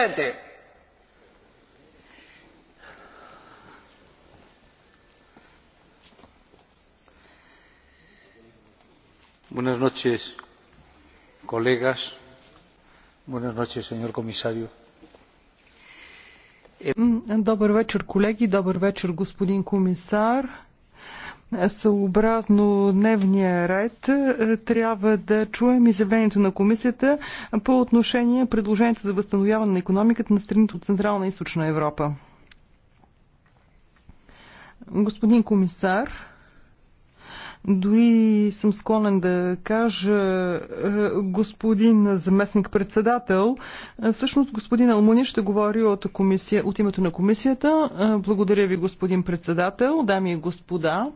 Presidente. Buenas noches, colegas. Buenas noches, señor comisario. Добър вечер, колеги. Добър вечер, господин комисар съобразно дневния ред е, трябва да чуем изявлението на комисията по отношение предложението за възстановяване на економиката на страните от Централна и Източна Европа. Господин комисар, дори съм склонен да кажа е, господин заместник-председател. Е, всъщност господин Алмуни ще говори от, комисия, от името на комисията. Благодаря ви, господин председател, дами и господа.